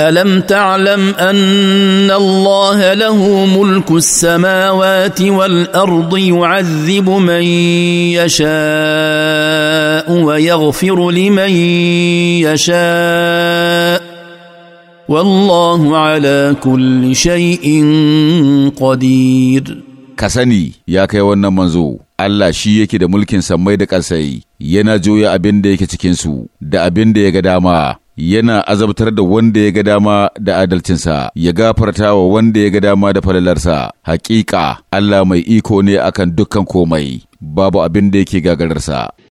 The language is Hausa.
الم تعلم ان الله له ملك السماوات والارض يعذب من يشاء ويغفر لمن يشاء والله على كل شيء قدير كسني يا كي wannan manzo Allah shi yake da mulkin samai da ƙasai yana juya abin da yake cikinsu da abin da ya ga dama yana azabtar da wanda ya ga dama da adalcinsa ya gafarta wa wanda ya ga dama da falalarsa hakika Allah mai iko ne akan dukkan komai babu abin da yake gagararsa